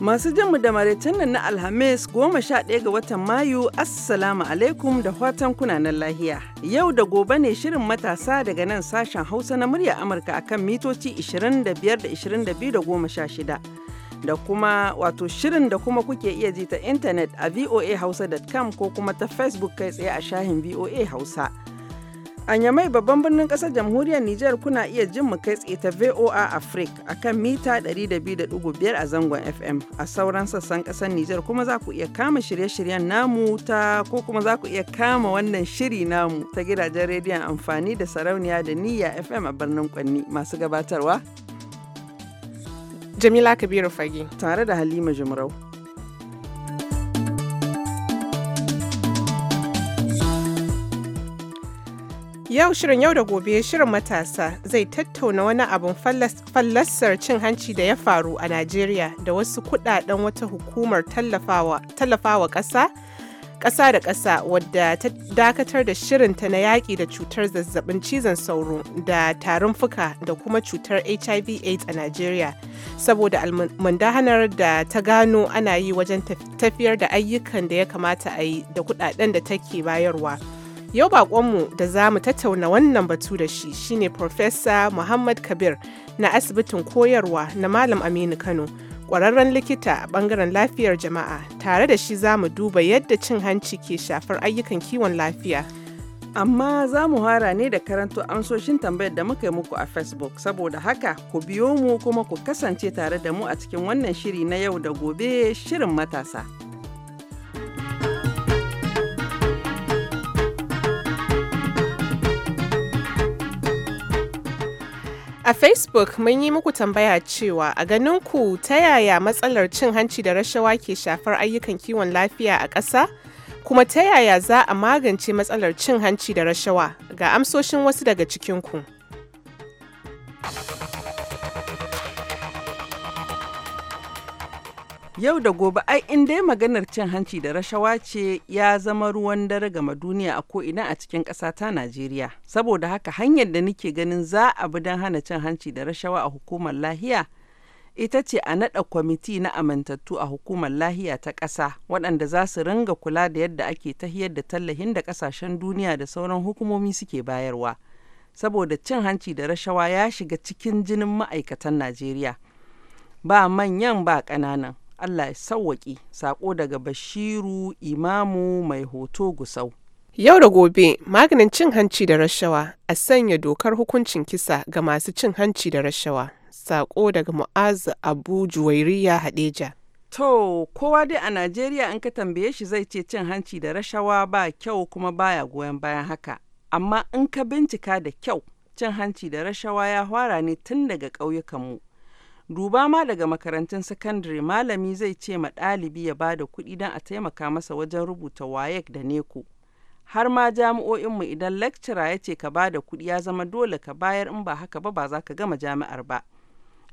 Masu jinmu da maraicin nan na Alhamis goma sha ɗaya ga watan Mayu, Assalamu alaikum da fatan kunanan lahiya. Yau da gobe ne shirin matasa daga nan sashen Hausa na murya Amurka akan mitoci 25 da 22 da goma sha shida. Da kuma wato shirin da kuma kuke iya ji ta intanet a voahausa.com ko kuma ta Facebook kai tsaye a shahin VOA Hausa. A Nyamai babban birnin ƙasar jamhuriyar Nijar kuna iya jin mu kai tsaye ta VOA Africa a kan mita 102.5 a zangon FM. A sauran sassan ƙasar Nijar kuma za ku iya kama shirye-shiryen namu ta ko kuma za ku iya kama wannan shiri namu ta gidajen rediyon amfani da sarauniya da niyya FM a birnin Kwanni masu gabatarwa. Jamila Kabiru Fage. Tare da Halima Jumrau. Yau shirin yau da gobe shirin matasa zai tattauna wani abin fallasar cin hanci da ya faru a Najeriya da wasu kudaden wata hukumar tallafawa ƙasa ƙasa da ƙasa wadda ta dakatar da shirinta na yaƙi da cutar zazzabin cizon sauro da tarin fuka da kuma cutar hiv aids a najeriya saboda almundahanar da ta gano ana yi wajen tafiyar da ayyukan da ya kamata a yi da kudaden da take bayarwa. Yau baƙonmu da za mu tattauna wannan batu da shi shine Profesa Muhammad Kabir na asibitin koyarwa na Malam Aminu Kano, ƙwararren likita a ɓangaren lafiyar jama'a. Tare da shi za mu duba yadda cin hanci ke shafar ayyukan kiwon lafiya. Amma za mu hara ne da karanto amsoshin tambayar da muka yi muku a Facebook, saboda haka ku biyo mu kuma ku kasance tare da mu a cikin wannan shiri na yau da gobe shirin matasa. A Facebook mun yi muku tambaya cewa a ganin ku ta yaya matsalar cin hanci da rashawa ke shafar ayyukan kiwon lafiya a ƙasa? Kuma ta yaya za a magance matsalar cin hanci da rashawa ga amsoshin wasu daga cikinku. Yau da gobe ai in dai maganar cin hanci da rashawa ce ya zama ruwan dare gama duniya a ko'ina a cikin ƙasa ta Najeriya. Saboda haka hanyar da nake ganin za a bi don hana cin hanci da rashawa a hukumar lahiya ita ce a naɗa kwamiti na amintattu a hukumar lahiya ta ƙasa waɗanda za su ringa kula da yadda ake tahiyar da tallahin da ƙasashen duniya da sauran hukumomi suke bayarwa. Saboda cin hanci da rashawa ya shiga cikin jinin ma'aikatan Najeriya. Ba manyan ba ƙananan. Allah ya sawwaƙi sako daga Bashiru Imamu mai hoto Gusau. Yau da gobe maganin cin hanci da rashawa a sanya dokar hukuncin kisa ga masu cin hanci da rashawa. Sako daga Mu'azu Abu Juwairiya Hadeja. To, kowa dai a Najeriya in ka tambaye shi zai ce cin hanci da rashawa ba kyau kuma baya goyon bayan haka. Amma in ka bincika da kyau, cin hanci da rashawa ya fara ne tun daga ƙauyukanmu. duba ma daga makarantun sakandare malami zai ce ma ɗalibi ya bada kuɗi don a taimaka masa wajen rubuta wayek da neko har ma jami'o'inmu idan lecturer ya ce ka bada kuɗi ya zama dole ka bayar in ba haka ba ba za ka gama jami'ar ba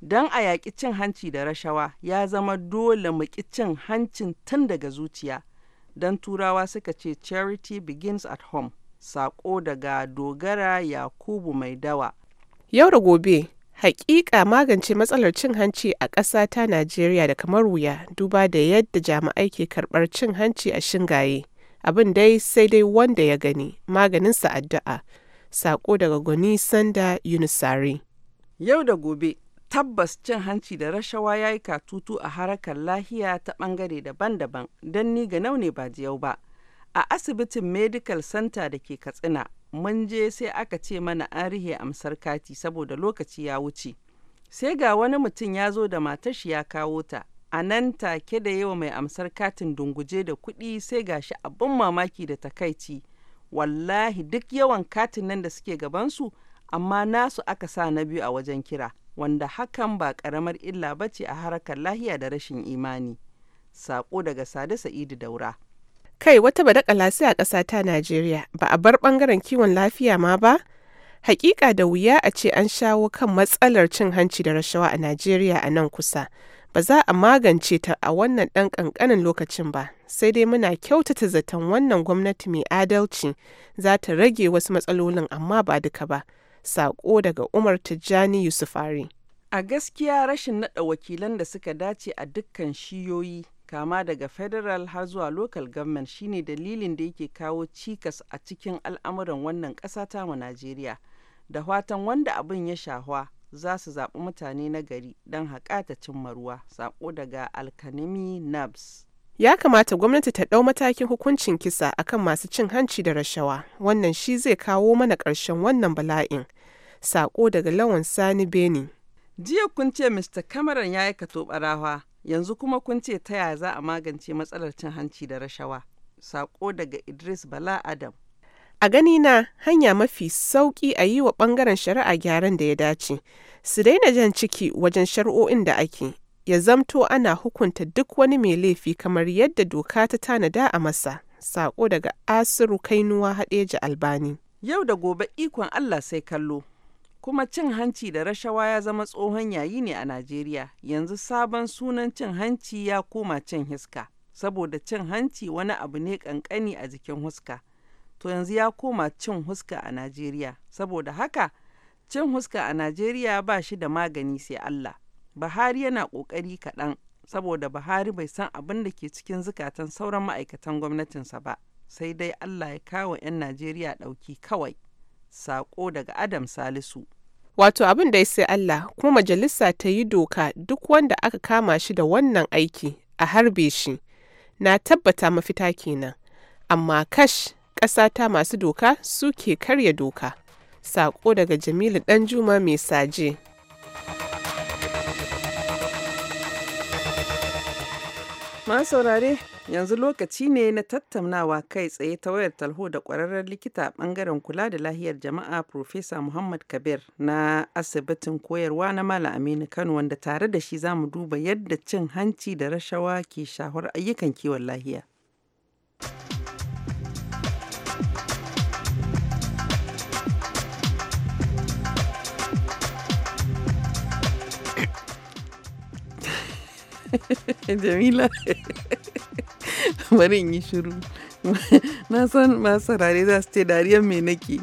don a yaƙi cin hanci da rashawa ya zama dole mu ƙi cin hancin tun daga zuciya don turawa suka ce charity begins at home saƙo daga dogara yakubu mai dawa yau da gobe Hakika magance matsalar cin hanci a ƙasa ta Najeriya da kamar wuya duba da yadda jami'ai ke karɓar cin hanci a shingaye. Abin dai sai dai wanda ya gani maganin maganinsa addu'a. Sako daga gwani Sanda Yunusari. Yau da gobe tabbas cin hanci da rashawa ya yi katutu a harakar lahiya ta bangare daban-daban don ni ga ne ba jiyau ba. A asibitin Medical Center da ke Katsina mun je sai aka ce mana an rihe amsar kati saboda lokaci ya wuce sai ga wani mutum ya zo da matashi ya kawo ta a nan take da yawa mai amsar katin dunguje da kuɗi sai ga gashi abin mamaki da takaici wallahi duk yawan katin nan da suke gabansu amma nasu aka sa na biyu a wajen kira wanda hakan ba ƙaramar illa bace a harkar lahiya da rashin imani saƙo daga sade sa'idu daura Kai wata badakala sai a ƙasa ta Najeriya ba a bar ɓangaren kiwon lafiya ma ba? Hakika da wuya a ce an shawo kan matsalar cin hanci da rashawa a Najeriya a nan kusa. Ba za a magance ta a wannan ɗan ƙanƙanin lokacin ba, sai dai muna kyautata zaton wannan gwamnati mai adalci za ta rage wasu matsalolin amma ba duka ba. Saƙo daga Umar Tijjani Yusufari. A gaskiya rashin naɗa wakilan da suka dace a dukkan shiyoyi kama daga federal har zuwa local government shine dalilin da yake kawo cikas a cikin al'amuran wannan ƙasa ta mu Najeriya. Da fatan wanda abin ya shahwa za su zaɓi mutane na gari don haƙa ta cimma ruwa, saƙo daga Alkanimi Nabs. Ya kamata gwamnati ta ɗau matakin hukuncin kisa akan masu cin hanci da rashawa, wannan shi zai kawo mana ƙarshen wannan bala'in. Saƙo daga Lawan Sani Beni. Jiya kun ce Mr. Cameron ya yi ɓarawa yanzu kuma kun ce ta yaya za a magance matsalar cin hanci da rashawa sako daga idris bala adam a gani na hanya mafi sauƙi a yi wa ɓangaren shari'a gyaran da ya dace su daina jan ciki wajen shari'o'in da ake ya zamto ana hukunta duk wani mai laifi kamar yadda doka ta tanada a masa sako daga asiru kainuwa haɗeji albani yau da gobe ikon allah sai kallo kuma cin hanci da rashawa ya zama tsohon yayi ne a Najeriya, yanzu sabon sunan cin hanci ya koma cin hiska, saboda cin hanci wani abu ne kankani a jikin huska. To yanzu ya koma cin huska a Najeriya, saboda haka cin huska a Najeriya ba shi da magani sai Allah. Buhari yana ƙoƙari kaɗan, saboda Buhari bai san abin da ke cikin zukatan sauran ma'aikatan gwamnatinsa ba, sai dai Allah ya kawo 'yan Najeriya ɗauki kawai. sako daga Adam Salisu. Wato abin da ya sai Allah kuma majalisa ta yi doka duk wanda aka kama shi da wannan aiki a harbe shi na tabbata mafita kenan. Amma kash ƙasata masu doka suke karya doka. Sako daga Jamilu Ɗanjuma mai saje. Masu saurare yanzu lokaci ne na tattaunawa kai tsaye ta wayar talho da kwararren likita a bangaren kula da lahiyar jama'a Profesa Muhammad Kabir na asibitin koyarwa na Malam Aminu Kano wanda tare da shi za mu duba yadda cin hanci da rashawa ke shahar ayyukan kiwon lahiya. Jamila, bari in yi shiru. Na san masu saurare za su ce dariyar me nake.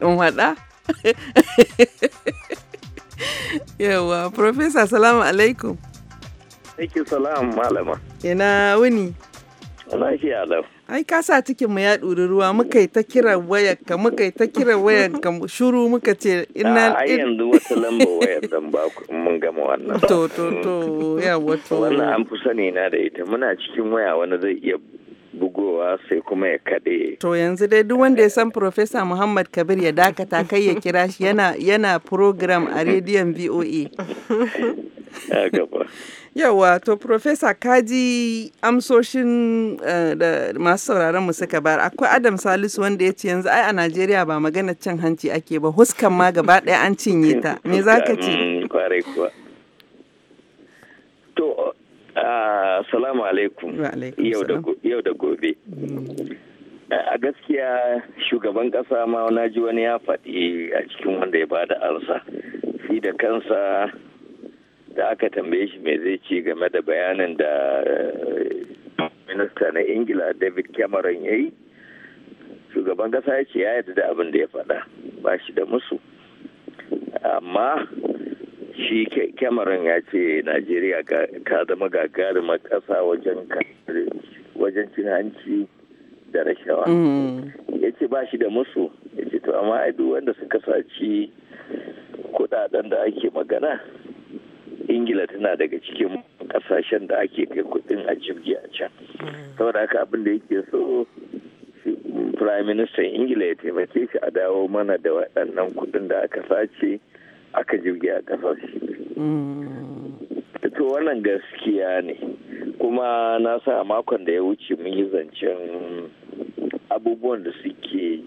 In waɗa? Yawa, Profesa, salamu alaikum. Aiki salam malama. Ina wuni. Lafiya lau. ai ka sa cikin mu ya ɗuri ruwa muka yi ta kiran wayar ka muka yi ta kiran wayar ka shuru muka ce ina ai yanzu wata lamba wayar dan ba mun gama wannan to to to ya wato wannan an fi sani na da ita muna cikin waya wani zai iya bugowa sai kuma ya kaɗe. To yanzu dai duk wanda ya san Profesa Muhammad Kabir ya dakata kai ya kira shi yana yana program a rediyon VOA. Yawwa to Profesa Kaji amsoshin eh, da masu sauraron mu suka bar akwai Adam Salisu wanda ya ce yanzu ai a Najeriya ba magana cin hanci ake ba huskan ma gaba ɗaya an cinye ta me za ka ce? Mm, to ah, Assalamu alaikum yau da gobe. Mm. A gaskiya shugaban kasa ma na ji wani ya faɗi a cikin wanda ya bada arsa. Shi da kansa da aka tambaye shi mai zai ci game da bayanin da eh, minista na ingila david cameron ya yi shugaban kasa ya ce ya yarda da abin da ya faɗa ba shi da musu amma shi cameron ya ce najeriya ka zama gagarumar ƙasa wajen cin hanci da rashawa mm-hmm. ya ce ba shi da musu ya ce to amma duk wanda suka saci kudaden da ake magana ingila tana daga cikin kasashen da ake kai kudin a jirgi a can saboda haka abin da yake so prime minister ingila ya taimake shi a dawo mana da waɗannan kudin da aka sace aka jirgi a kasar. to wannan gaskiya ne kuma na sa makon da ya wuce mun yi zancen abubuwan da suke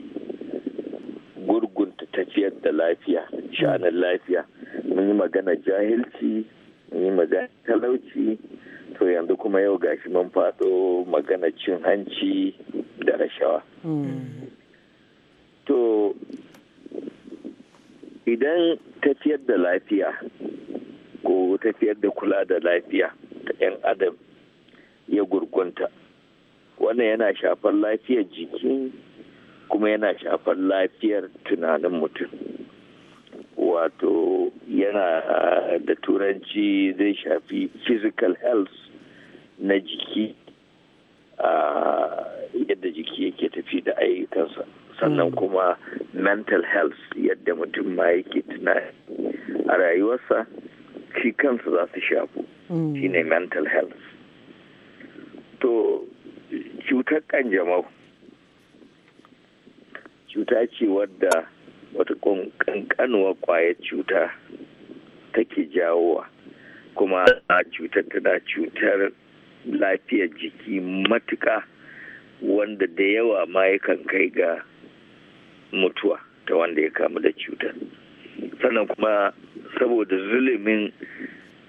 gurgunta tafiyar da lafiya sha'anin lafiya mun yi magana jahilci mun yi magana talauci to yanzu kuma yau gashi mun faɗo magana cin hanci da rashawa hmm. to idan tafiyar da lafiya ko tafiyar da kula da lafiya ta 'yan adam ya gurgunta wannan yana shafar lafiyar jiki kuma yana shafar lafiyar tunanin mutum wato yana ah, da turanci zai shafi physical health na jiki ah, yadda jiki yake tafi da ayyukansa sannan hmm. kuma mental health yadda mutum ma yake tunani a rayuwarsa shi kansa za su shafu hmm. shine mental health to cutar kanjamau cuta ce wadda wata kankanuwar kwayar cuta take jawowa kuma a cutar tana cutar lafiyar jiki matuka wanda da yawa ma yakan kai ga mutuwa ta wanda ya kamu da cutar sannan kuma saboda zulumin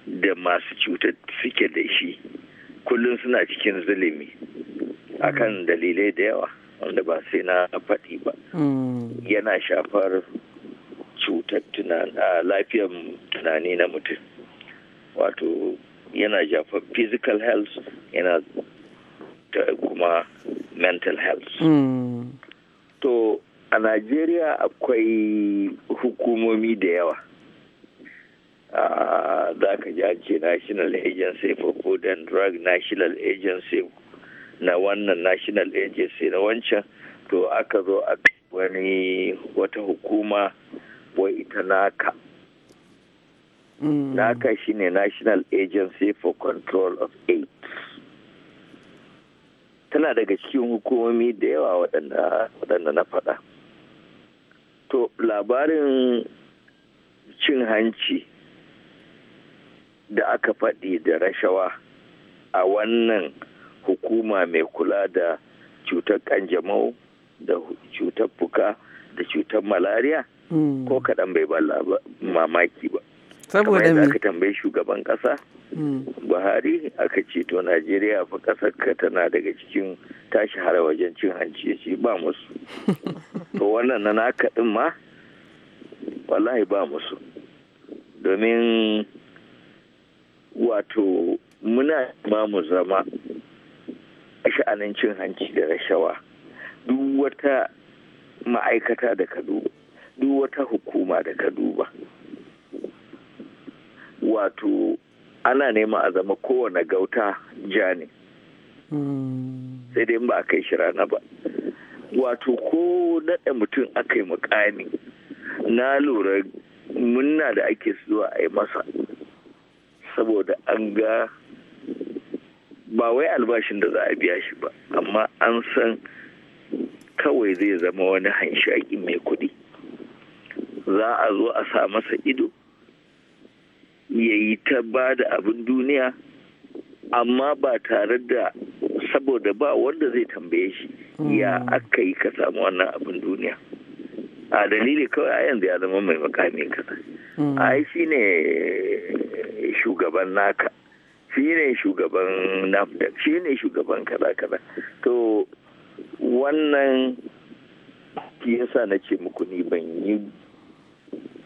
da masu cutar suke da shi kullum suna cikin zulumi akan dalilai da yawa wanda ba sai na faɗi ba hmm. yana shafar cutar lafiyar tunani na mutum wato yana shafar physical health yana da kuma mental health hmm. to a najeriya akwai hukumomi da yawa za ka ji ake national agency for food and drug national agency na wannan national agency na wancan to aka zo a wani wata hukuma wai ita naka mm. naka shine national agency for control of aids tana daga cikin hukumomi da yawa waɗanda na faɗa to labarin cin hanci da aka faɗi da rashawa a wannan hukuma mai kula da cutar kanjamau da cutar fuka da cutar malaria hmm. ko kaɗan bai ba mamaki ba saboda aka tambayi shugaban ƙasa hmm. buhari aka ce to najeriya fa ƙasar ka tana daga cikin tashi har wajen cin hanci ya ce ba musu to wannan na naka din ma wallahi ba musu domin wato muna ma mu zama sha'anin cin hanci da rashawa duk wata ma'aikata da ka duba duk wata hukuma da ka duba wato ana nema a zama kowane gauta ja ne hmm. sai dai ba a kai shi rana ba wato ko naɗa mutum aka yi mukami na lura munna da ake zuwa a yi masa saboda an ga ba wai albashin da za a biya shi ba amma an san kawai zai zama wani hanshaki mai kuɗi za a zo a sa masa ido ya yi ta ba da abin duniya amma ba tare da saboda ba wanda zai tambaye shi ya hmm. aka yi ka samu wannan abin duniya a dalili kawai a yanzu ya zama mai makamin kasa hmm. ai shi ne shugaban naka shi ne shugaban nafdac shi ne shugaban kaza-kaza to wannan ki yasa na ce muku ni ban yi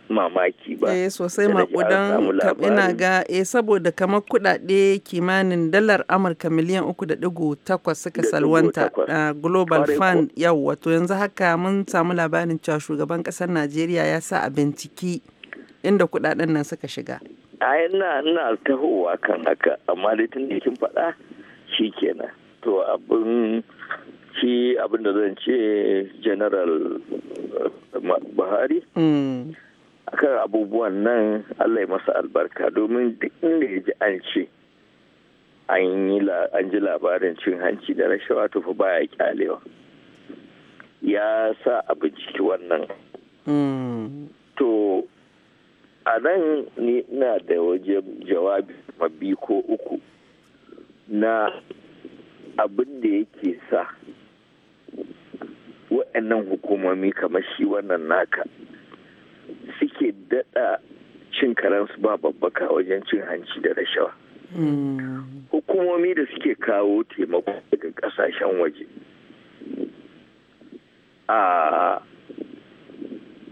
mamaki ba. Eh sosai makudan ina ga eh saboda kamar kudade kimanin dalar Amurka miliyan uku da takwas suka salwanta ah, Global Fund yau wato yanzu haka mun samu labarin cewa shugaban kasar Najeriya ya sa a binciki inda kudaden nan suka shiga. ai na taho tahowa kan haka amma dai tun da kin faɗa shi kenan to abin shi abin da zan ce general eh, buhari hmm. akan abubuwan nan allah ya masa albarka domin duk inda ya ji an ce an ji labarin cin hanci da rashawa tufa baya kyalewa ya sa abin ciki wannan hmm. to a nan ni ina da waje jawabi mabi ko uku na abin da yake sa wa'annan hukumomi kamar shi wannan naka suke daɗa cin karansu ba babbaka wajen cin hanci da rashawa hmm. hukumomi da suke kawo taimako daga ƙasashen waje a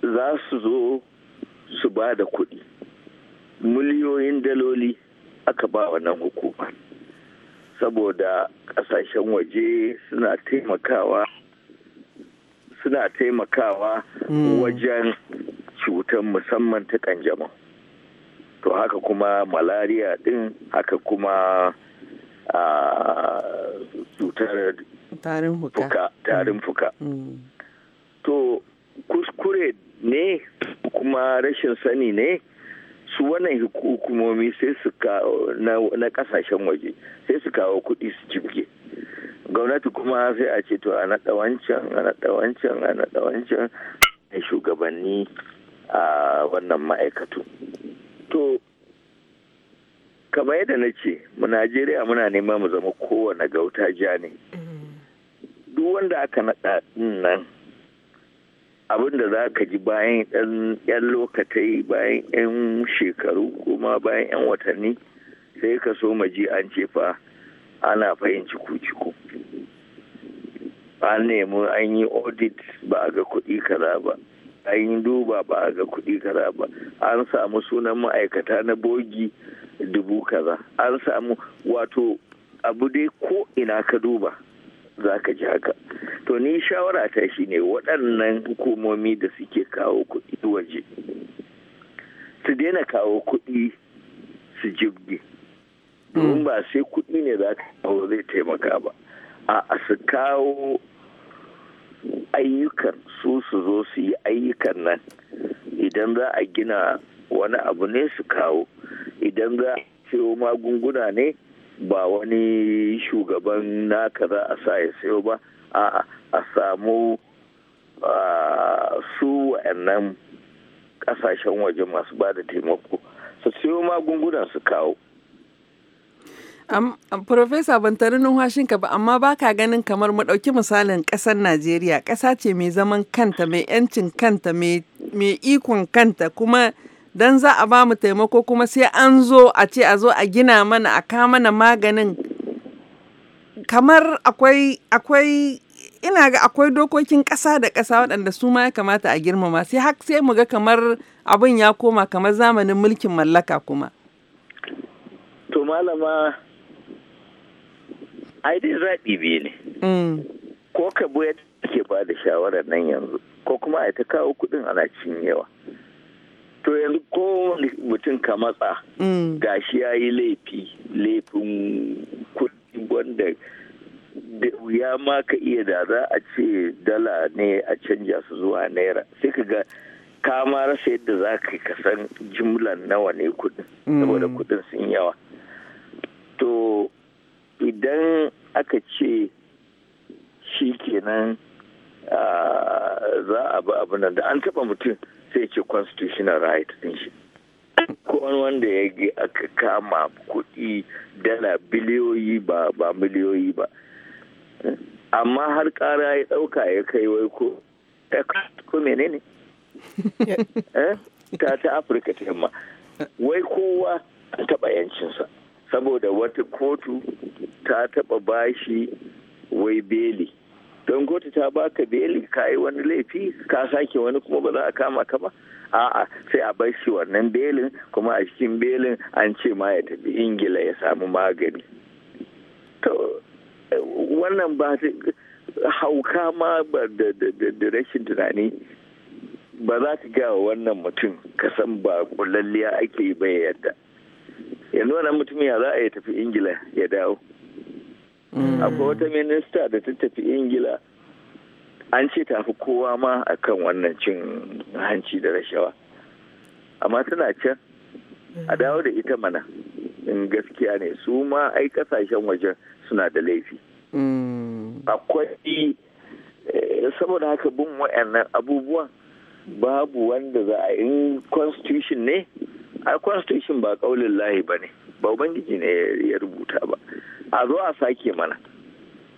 za su zo ba da kuɗi miliyoyin daloli aka ba nan hukuma saboda ƙasashen waje suna taimakawa suna taimakawa hmm. wajen cutar musamman ta kanjamau to haka kuma malaria din haka kuma cutar tarin fuka hmm. to ne kuma rashin sani ne su wannan hukumomi sai su na kasashen waje sai su kawo kuɗi su jibge gwamnati kuma sai a ce to a naɗa wancan a naɗa wancan a naɗa wancan shugabanni a wannan ma'aikatu to kamar yadda na ce mu najeriya muna nema mu zama kowane gauta ja ne mm. duk wanda aka naɗa nan abin da za ka ji bayan ɗan yan lokatai bayan yan shekaru kuma bayan yan watanni sai ka so maji an ce fa ana fahimci ciku-ciku an nemi an yi audit ba a ga kuɗi kaza ba an yi duba ba a ga kuɗi kaza ba an samu sunan ma'aikata na bogi dubu kaza an samu wato abu dai ko ina ka duba za ka ji haka to ni shawara ta shine waɗannan hukumomi da suke kawo kuɗi waje su daina kawo kuɗi su jibge domin ba sai kuɗi ne za ka kawo zai taimaka ba a su kawo ayyukan su su zo su yi ayyukan nan idan za a gina wani abu ne su kawo idan za a ciwo magunguna ne ba wani shugaban naka za a sa ya sayo ba a a samu su wa'annan kasashen waje masu ba da taimako su siyo magungunan su kawo Um, Profesa ban tare numfashinka ba amma ba ka ganin kamar mu ɗauki misalin ƙasar Najeriya ƙasa ce mai zaman kanta mai 'yancin kanta mai ikon kanta kuma don za a ba mu taimako kuma sai an zo a ce a zo a gina mana a ka mana maganin kamar akwai akwai ina ga akwai dokokin ƙasa da ƙasa waɗanda su ma ya kamata a girmama sai har sai mu ga kamar abin ya koma kamar zamanin mulkin mallaka kuma to malama ai dai zaɓi biyu ne mm. ko ka buya ke ba da shawarar nan yanzu ko kuma a ta kawo kuɗin ana cinyewa to yanzu ko mutum ka matsa mm. gashi ya yi laifi laifin kudi wanda da wuya ma ka iya da za a ce dala ne a canja su zuwa naira sai ka ga ka rasa yadda za ka kasan jimlan nawa ne kuɗin mm. saboda kuɗin sun yawa to idan aka ce shi kenan ah, za a bi abin da an taɓa mutum sai ce constitutional right din shi ko wanda ya aka kama kuɗi dala biliyoyi ba ba miliyoyi ba amma har ƙara ya ɗauka ya kai wai ko ko menene eh? ta ta afirka ta yamma wai kowa an taɓa yancinsa saboda wata kotu ta taɓa bashi wai beli don kotu ta baka beli ka yi wani laifi ka sake wani kuma ba za a kama ka ba a'a sai a bar shi wannan belin kuma a cikin belin an ce ma ya tafi ingila ya samu magani to wannan ba hauka ma da rashin tunani ba za ta gawa wannan mutum ka san ba kullalliya ake yi ba yadda yanzu wannan mutum ya za a ya tafi ingila ya dawo akwai wata minista da ta tafi ingila an ce fi kowa ma a kan wannan cin hanci da rashawa amma tana can a dawo da ita mana in gaskiya ne su ma ai kasashen wajen suna da laifi mm. akwai eh, saboda haka bin wa'annan abubuwan babu wanda za a in constitution ne a constitution ba kaulin lahi ba ne ba ubangiji ne ya rubuta ba a zo a sake mana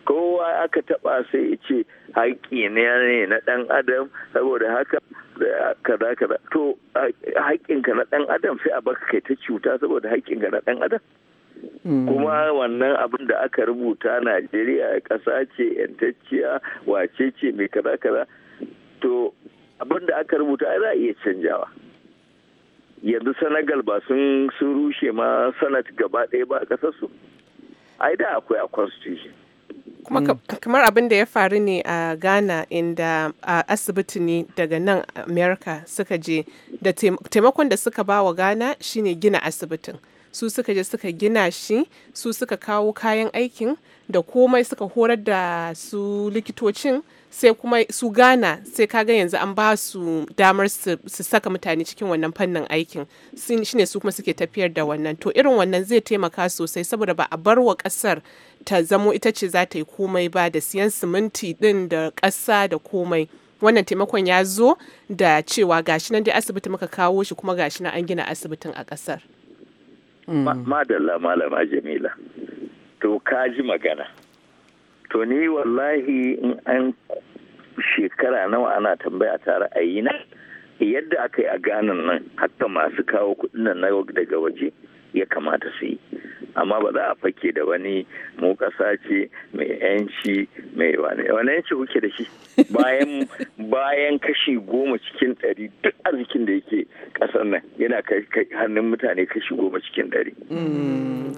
kowa aka taba sai ce haƙƙi ne na ɗan adam saboda haka kaza kaza to haƙƙinka na ɗan adam sai a baka kai ta cuta saboda haƙƙinka na ɗan adam hmm. kuma wannan abin da aka rubuta najeriya ƙasa ce yantacciya wace ce mai kaza kaza to abin da aka rubuta za a iya canjawa yanzu senegal ba sun rushe ma sanat gaba ɗaya ba a ƙasarsu ai da akwai a constitution kuma kamar abin da ya faru ne a ghana inda asibiti ne daga nan america suka je da taimakon da suka ba wa ghana shine gina asibitin su suka je suka gina shi su suka kawo kayan aikin da komai suka horar da su likitocin sai kuma su gana sai ka ga yanzu an ba su damar su saka mutane cikin wannan fannin aikin shine su kuma suke tafiyar da wannan to irin wannan zai taimaka sosai saboda ba a bar wa kasar ta zamo ita ce za ta yi komai ba da siyan siminti din da ƙasa da komai wannan taimakon ya zo da cewa gashi nan dai asibiti muka kawo shi kuma gashi nan an gina asibitin a ƙasar. madalla malama jamila to ka ji magana to ni wallahi in an shekara nawa ana tambaya tare a yi na yadda aka yi a ganin nan hatta masu kawo kudin nan daga waje ya kamata su yi amma ba za a fake da wani mu kasa ce mai yanci mai wani wani yanci kuke da shi bayan kashi goma cikin ɗari duk arzikin da yake ƙasar nan yana hannun mutane kashi goma cikin ɗari mm.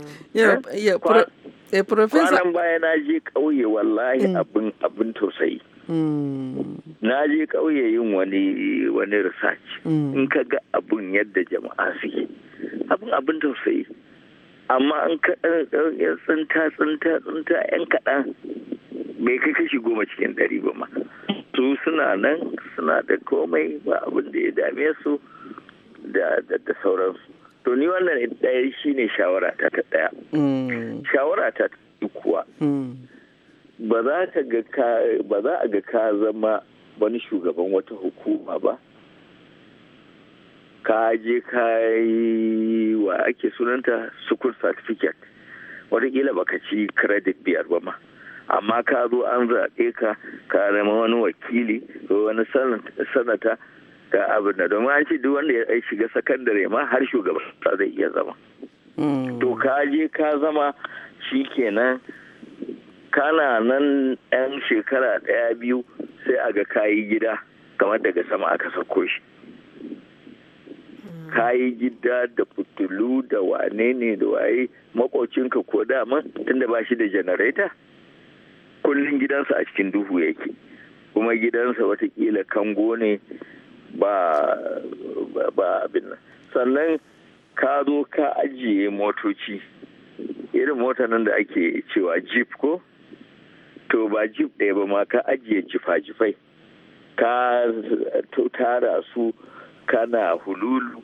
Eh, Professor. Kwanan baya na je ƙauye wallahi mm. abin abin tausayi. Mm. Na je ƙauye yin wani wani research. Mm. In ka ga abin yadda jama'a su suke. Abin abin tausayi. Amma an ka tsinta tsinta tsinta 'yan kaɗan bai kai kashi goma cikin ɗari ba ma. Su suna nan suna da komai ba abin da ya dame su da sauransu. to ni wannan ɗaya shine shawara ta ta ɗaya mm. shawara ta kuwa mm. ba za a ga ka zama wani shugaban wata hukuma ba ka je ka yi wa ake sunanta sukun certificate watakila baka ci credit biyar ba ma amma ka zo an zaɓe ka ka zama wani wakili ko wani sanata ga abin da domin an ce duk wanda ya shiga sakandare ma har shugaban ta zai iya zama hmm. to ka je ka zama shi kenan kana nan yan shekara ɗaya biyu sai a ga kayi gida kamar daga sama aka sako shi hmm. kayi gida da fitilu da wane ne da waye makocinka ko dama tunda ba shi da janareta kullum gidansa a cikin duhu yake kuma gidansa watakila kango ne ba abin nan sannan ka zo ka ajiye motoci irin mota nan da ake cewa jeep ko to ba jeep ɗaya ba ma ka ajiye jifa-jifai ka tara su kana hululu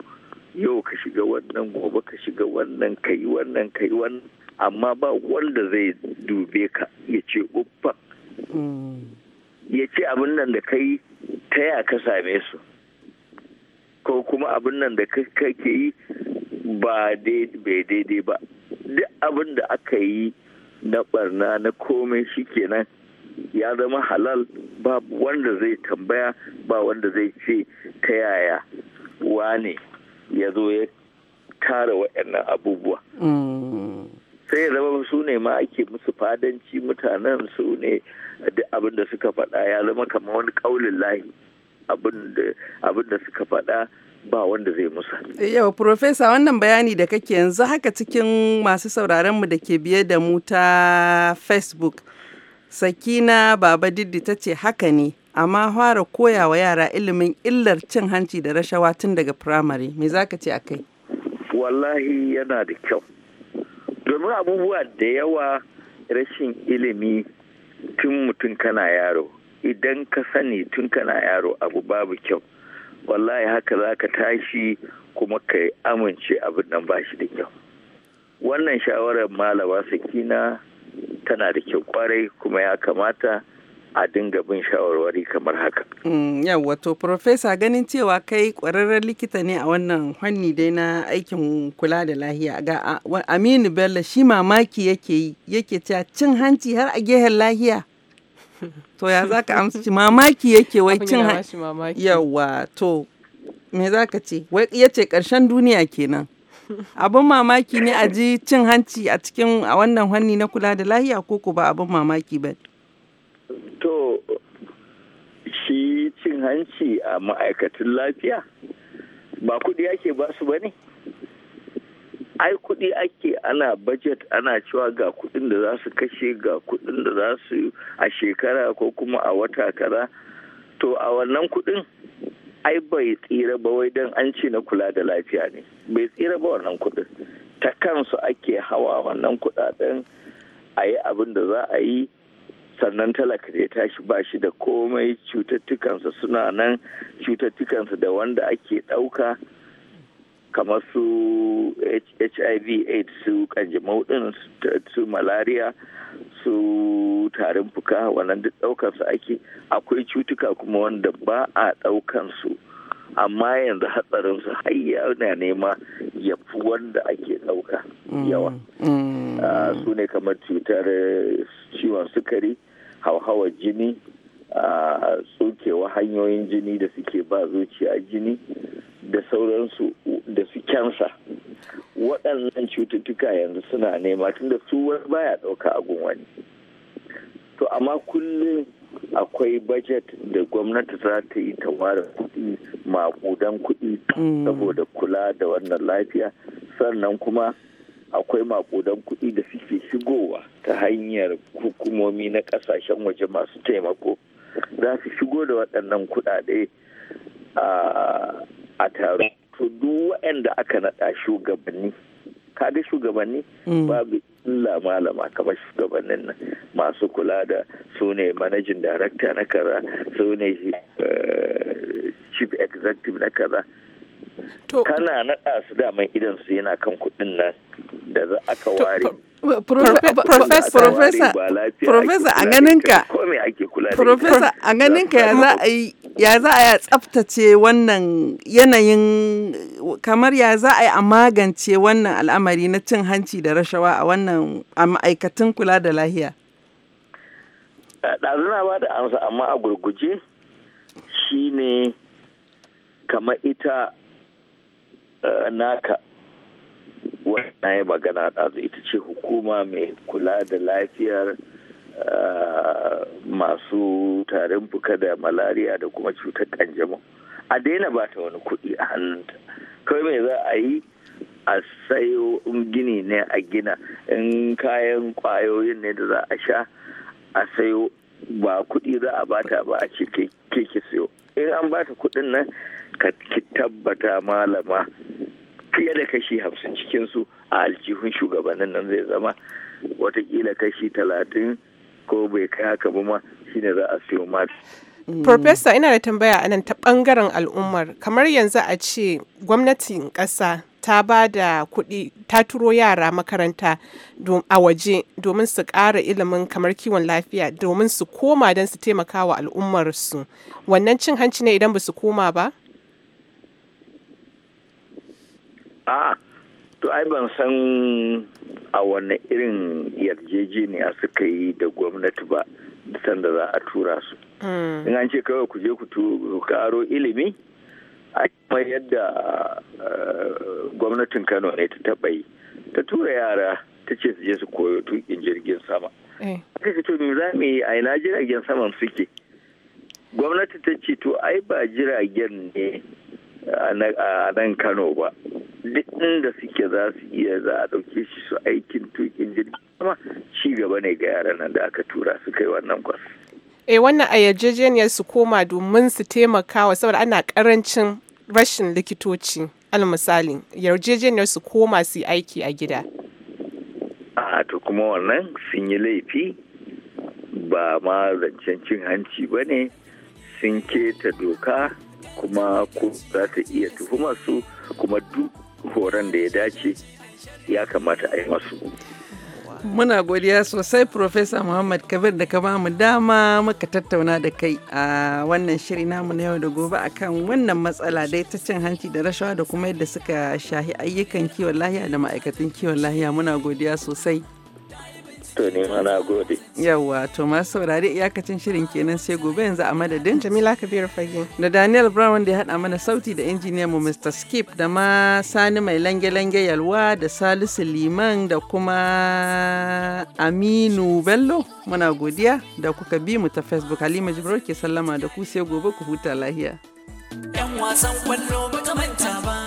yau ka shiga wannan gobe ka shiga wannan ka wannan ka wannan amma ba wanda zai dube ka ya ce uffa mm. ya ce abin nan da kai ta ya ka same su ko kuma abin nan da kake yi ba daidai ba duk abin da aka yi na barna na komai shikenan ya zama halal ba wanda zai tambaya ba wanda zai ce ta yaya wane ya zo ya tara waɗannan abubuwa mm. sai ya zama su ne ma ake musu fadanci mutanen su ne duk abin da suka faɗa ya zama kamar wani ƙaunin lahi abin da suka faɗa ba wanda zai musa. Yau, Profesa, wannan bayani da kake yanzu haka cikin masu sauraronmu da ke biye da mu ta Facebook. Sakina Baba Diddi ta ce haka ne, amma fara koya wa yara ilimin illar cin hanci da rashawa tun daga firamare. Me za ka ce a kai? Wallahi yana da kyau. Domin abubuwa da yawa rashin ilimi tun mutum kana yaro. idan ka sani tun kana yaro abu babu kyau wallahi haka za ka tashi kuma ka amince abin nan ba shi da kyau wannan shawarar malama sakina tana da kyau kwarai kuma ya kamata a dinga bin shawarwari kamar haka. Mm, yau wato Profesa ganin cewa kai kwararren likita ne a wannan hanni dai na aikin kula da lahiya ga Aminu Bello shi mamaki yake yi yake cin hanci har a gehen lahiya. to ya za ka amsa mamaki yake wai cin yawa to me za ka ce wai ya ce ƙarshen duniya kenan abin mamaki ne a ji cin hanci a cikin a wannan hanni na kula da lahiya ko ko ba abin mamaki ba to shi cin hanci a ma'aikatan lafiya ba kudi ake ba su ba ne ai kuɗi ake ana budget ana cewa ga kuɗin da za su kashe ga kuɗin da za su a shekara ko kuma a wata kaza to a wannan kuɗin ai bai tsira ba wai don an ce na kula da lafiya ne bai tsira ba wannan kuɗin ta kansu ake hawa wannan kuɗaɗen a yi abin da za a yi sannan talaka ya tashi ba shi da komai cututtukansa suna nan cututtukansa da wanda ake ɗauka kamar su hiv aids su kanjamau din su malaria su tarin fuka wannan duk daukar su ake akwai cutuka kuma wanda ba a daukan su amma yanzu hatsarin su har na nema ya fi wanda ake dauka mm, yawa mm. Ah, su ne kamar cutar ciwon sukari hauhawar jini sokewa hanyoyin jini da suke ba zuciya jini da sauransu da su kyansa waɗannan cututtuka yanzu suna nema tunda su wani baya ɗauka agun wani to amma kullum akwai budget da gwamnati za ta yi ta ware kuɗi maƙudan kuɗi mm. saboda kula da wannan lafiya sannan kuma akwai maƙudan kuɗi da suke shigowa ta hanyar hukumomi na ƙasashen waje masu taimako. za su shigo da waɗannan kuɗaɗe a taro to duk waɗanda aka naɗa shugabanni kaga shugabanni mm. babu illa malama kamar shugabannin nan masu kula da su ne managing director na kaza su ne eh, chief executive na kaza kana naɗa su daman idan su yana kan kuɗin nan da za aka ware Profesa a ganinka ya za a ya tsaftace wannan yanayin kamar ya za a yi a magance wannan al'amari na cin hanci da rashawa a wannan a ma'aikatan kula da lahiya ɗazuna ba da amsa amma a gurguje ne kamar ita Eh, naka na ya magana ɗazu ita ce hukuma mai kula da lafiyar eh, masu tarin fuka da malaria da kuma cutar kanjamau a daina ba ta wani kuɗi a hannunta kawai mai za a yi a sayo gini ne a gina in kayan kwayoyin ne da za a sha a sayo ba kuɗi za a bata ba a ce ke siyo in an bata kuɗin nan ka tabbata malama fiye da kashi hamsin cikinsu a aljihun shugabannin nan zai zama watakila kashi talatin ko bai kai haka ba ma shine za a siyo mata. Profesa ina da tambaya anan ta bangaren al'ummar kamar yanzu a ce gwamnatin ƙasa ta ba da kuɗi ta turo yara makaranta a waje domin su ƙara ilimin kamar kiwon lafiya domin su koma don su taimaka wa al'ummarsu wannan cin hanci ne idan ba su koma ba? a to ai ban san a wane irin yarjejeniya suka yi da gwamnati ba sanda za a tura su hmm. in an ce kawai ku je ku karo ilimi a kuma yadda eh, gwamnatin kano ne ta taɓa yi ta tura yara ta ce su je su koyo tukin jirgin sama eh. aka ce to za mu yi a ina jiragen saman suke gwamnati ta ce to ai ba jiragen ne a nan kano ba duk inda suke za su iya za a ɗauke shi su aikin tukin jirgi kuma ci gaba ne ga yaran nan da aka tura su kai wannan kwas eh wannan a yarjejeniyar su koma domin su taimakawa saboda ana karancin rashin likitoci al yarjejeniyar su koma su aiki a gida a to kuma wannan sun yi laifi ba ma zancen cin hanci ba ne sun keta doka kuma ko za ta iya tuhuma su kuma duk horon da ya dace ya kamata a yi masu. Muna godiya sosai Profesa Muhammad Kabir da ka ba mu dama muka tattauna da kai a wannan shiri namu na yau da gobe akan wannan matsala dai ta cin hanci da rashawa da kuma yadda suka shahi ayyukan kiwon lahiya da ma'aikatan kiwon lahiya muna godiya sosai. To ne ma na gode. Yawwa to masu saurari iyakacin shirin kenan sai gobe yanzu a madadin. Jamila Kabiru Fage. Da Daniel Brown wanda ya haɗa mana sauti da injiniyan mu Mr. Skip da ma Sani mai lange-lange yalwa da Salisu Liman da kuma Aminu Bello. Muna godiya da kuka bi mu ta Facebook Halima Jibril ke sallama da ku sai gobe ku huta lahiya. 'Yan wasan kwallo ba manta ba.